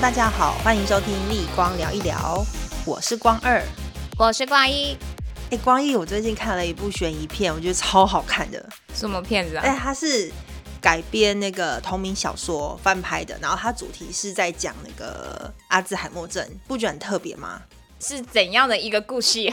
大家好，歡迎收聽《逆光聊一聊》，我，我是光二，我是光一。哎，光一，我最近看了一部懸疑片，我覺得超好看的。什麼片子啊？哎、欸，它是改編那個同名小說翻拍的，然後它主題是在講那個阿茲海默症，不覺得很特別嗎？是怎樣的一個故事？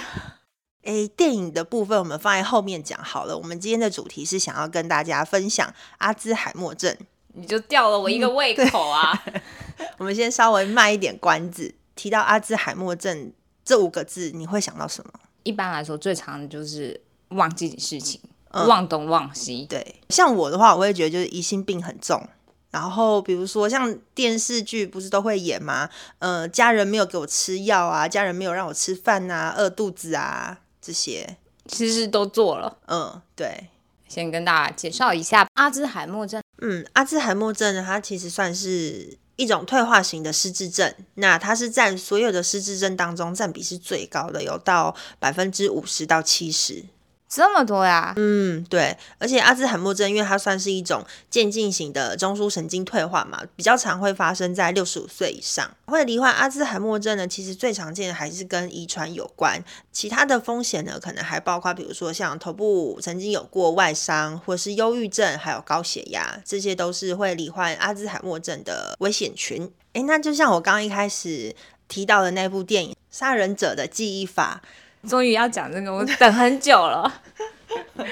哎、欸，電影的部分我們放在後面講好了。我們今天的主題是想要跟大家分享阿茲海默症，你就吊了我一個胃口啊！嗯 我們先稍微賣一點關子，提到阿茲海默症這五個字，你會想到什麼？一般來說，最常的就是忘記事情、嗯，忘東忘西。對，像我的話，我會覺得就是疑心病很重。然後，比如說像電視劇不是都會演嗎？呃，家人沒有給我吃藥啊，家人沒有讓我吃飯啊，餓肚子啊，這些其實都做了。嗯，對，先跟大家介紹一下阿茲海默症。嗯，阿茲海默症呢，它其實算是。一種退化型的失智症，那它是占所有的失智症當中占比是最高的，有到百分之五十到七十。這麼多呀？嗯，對，而且阿茲海默症，因為它算是一種漸進型的中樞神經退化嘛，比較常會發生在六十五歲以上。會罹患阿茲海默症呢，其實最常見的還是跟遺傳有關，其他的風險呢，可能還包括比如說像頭部曾經有過外傷，或是憂鬱症，還有高血壓，這些都是會罹患阿茲海默症的危險群。誒，那就像我剛剛一開始提到的那部電影《殺人者的記憶法》。終於要講這個，我等很久了。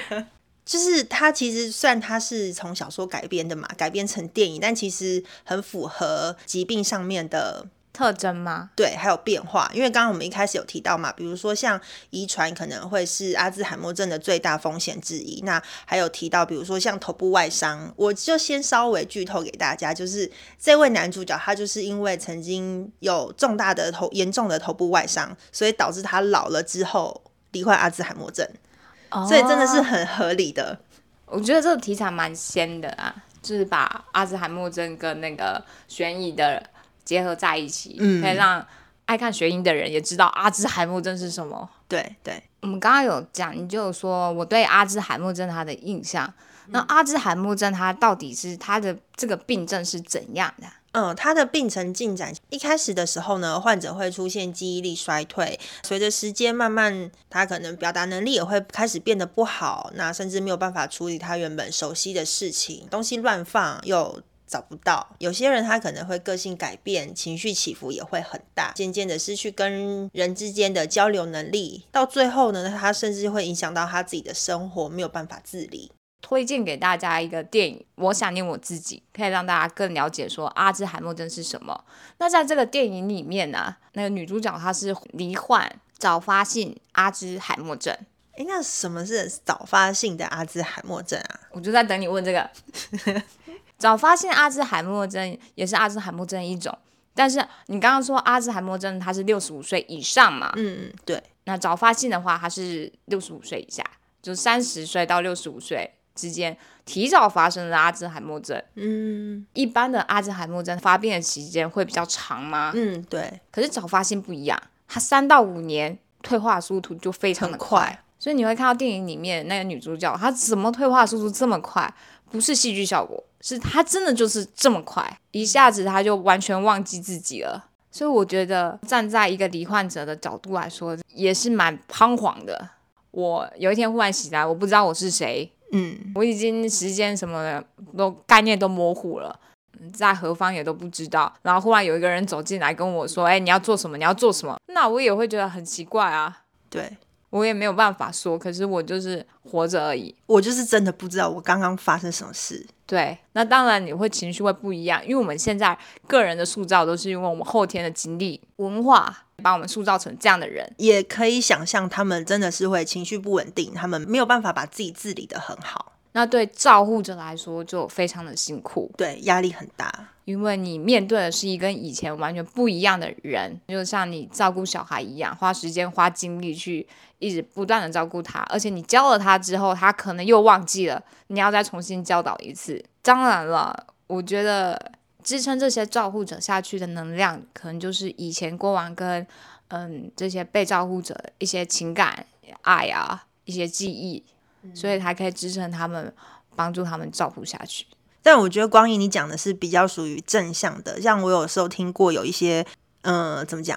就是它其實算它是從小說改編的嘛，改編成電影，但其實很符合疾病上面的。特徵嗎？對，還有變化。因為剛剛我們一開始有提到嘛，比如說像遺傳可能會是阿茲海默症的最大風險之一。那還有提到，比如說像頭部外傷，我就先稍微劇透給大家，就是這位男主角他就是因為曾經有重大的頭，嚴重的頭部外傷，所以導致他老了之後罹患阿茲海默症，哦，所以真的是很合理的。我覺得這個題材蠻鮮的啊，就是把阿茲海默症跟那個懸疑的。結合在一起，嗯，可以讓愛看學英的人也知道阿茲海默症是什麼。對對，我們剛剛有講，你就有說我對阿茲海默症他的印象。嗯，那阿茲海默症他到底是他的這個病症是怎樣的？嗯，他的病程進展，一開始的時候呢，患者會出現記憶力衰退，隨着時間慢慢，他可能表達能力也會開始變得不好，那甚至沒有辦法處理他原本熟悉的事情，東西亂放又。找不到，有些人他可能會個性改變，情緒起伏也會很大，漸漸的失去跟人之間的交流能力，到最後呢，他甚至會影響到他自己的生活，沒有辦法自理。推薦給大家一個電影，我想念我自己，可以讓大家更了解說阿茲海默症是什麼。那在這個電影裡面呢、啊，那個女主角她是罹患早發性阿茲海默症。哎，那什麼是早發性的阿茲海默症啊？我就在等你問這個。 早發現阿茲海默症也是阿茲海默症一種，但是你剛剛說阿茲海默症它是六十五歲以上嘛？嗯嗯，對。那早發性的話，它是六十五歲以下，就三十歲到六十五歲之間提早發生的阿茲海默症。嗯，一般的阿茲海默症發病的時間會比較長嗎？嗯，對。可是早發性不一樣，它三到五年退化速度就非常的快，快，所以你會看到電影裡面那個女主角，她怎麼退化速度這麼快？不是戲劇效果，是他真的就是這麼快，一下子他就完全忘記自己了。所以我覺得站在一個罹患者的角度來說，也是蠻彷徨的。我有一天忽然醒來，我不知道我是誰，嗯，我已經時間什麼的都概念都模糊了，在何方也都不知道。然後忽然有一個人走進來跟我說：“哎，你要做什麼？你要做什麼？”那我也會覺得很奇怪啊，對。我也沒有辦法說，可是我就是活着而已。我就是真的不知道我剛剛發生什麼事。對，那當然你會情緒會不一樣，因為我們現在個人的塑造都是因為我們後天的經歷、文化把我們塑造成這樣的人。也可以想象他們真的是會情緒不穩定，他們沒有辦法把自己治理得很好。那對照護者來說就非常的辛苦，對，壓力很大，因為你面對的是一個跟以前完全不一樣的人，就像你照顧小孩一樣，花時間花精力去一直不斷的照顧他，而且你教了他之後，他可能又忘記了，你要再重新教導一次。當然了，我覺得支撐這些照護者下去的能量，可能就是以前過往跟嗯這些被照護者一些情感愛啊，一些記憶。所以才可以支撐他們，幫、嗯、助他們照顧下去。但我覺得光影，你講的是比較屬於正向的。像我有時候聽過有一些，嗯、呃，怎麼講？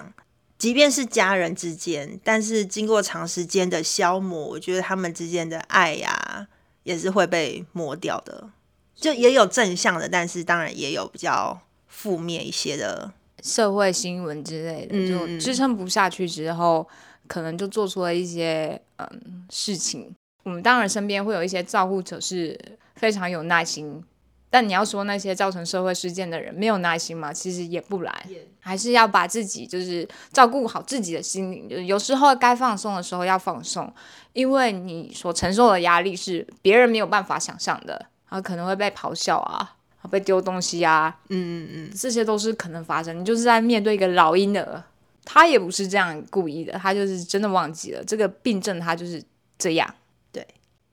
即便是家人之間，但是經過長時間的消磨，我覺得他們之間的愛呀、啊，也是會被磨掉的。就也有正向的，但是當然也有比較負面一些的社會新聞之類的。就支撐不下去之後嗯嗯，可能就做出了一些嗯事情。我們當然身邊會有一些照顧者是非常有耐心，但你要說那些造成社會事件的人沒有耐心嘛？其實也不難，還是要把自己就是照顧好自己的心靈。就有時候該放鬆的時候要放鬆，因為你所承受的壓力是別人沒有辦法想象的。啊，可能會被咆哮啊，被丟東西啊，嗯嗯嗯，這些都是可能發生。你就是在面對一個老嬰兒，他也不是這樣故意的，他就是真的忘記了這個病症，他就是這樣。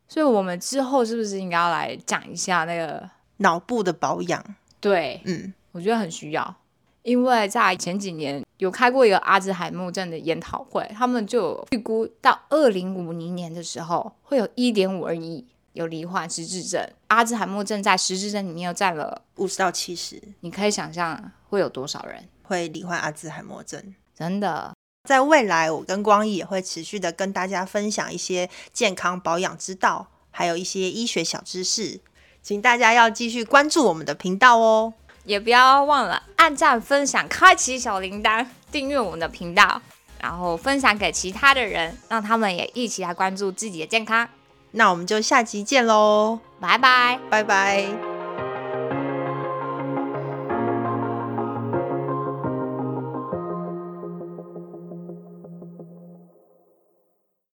所以，我們之後是不是應該要來講一下那個腦部的保養？對，嗯，我覺得很需要，因為在前幾年有開過一個阿茲海默症的研討會，他們就有預估到二零五零年的時候，會有一點五二億有罹患失智症，阿茲海默症在失智症裡面又佔了五十到七十，你可以想象會有多少人會罹患阿茲海默症，真的。在未來，我跟光義也會持續的跟大家分享一些健康保養之道，還有一些醫學小知識，請大家要繼續關注我們的頻道哦，也不要忘了按贊、分享、開啟小鈴鐺、訂閱我們的頻道，然後分享給其他的人，讓他們也一起來關注自己的健康。那我們就下期見嘍，拜拜，拜拜。